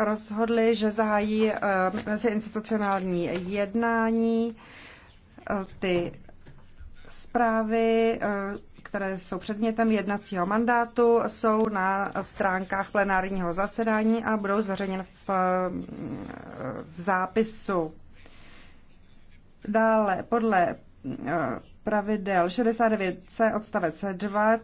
rozhodli, že zahájí eh, meziinstitucionální jednání. Eh, ty zprávy, eh, které jsou předmětem jednacího mandátu, jsou na stránkách plenárního zasedání a budou zveřejněny v, v zápisu. Dále podle pravidel 69c odstavec 2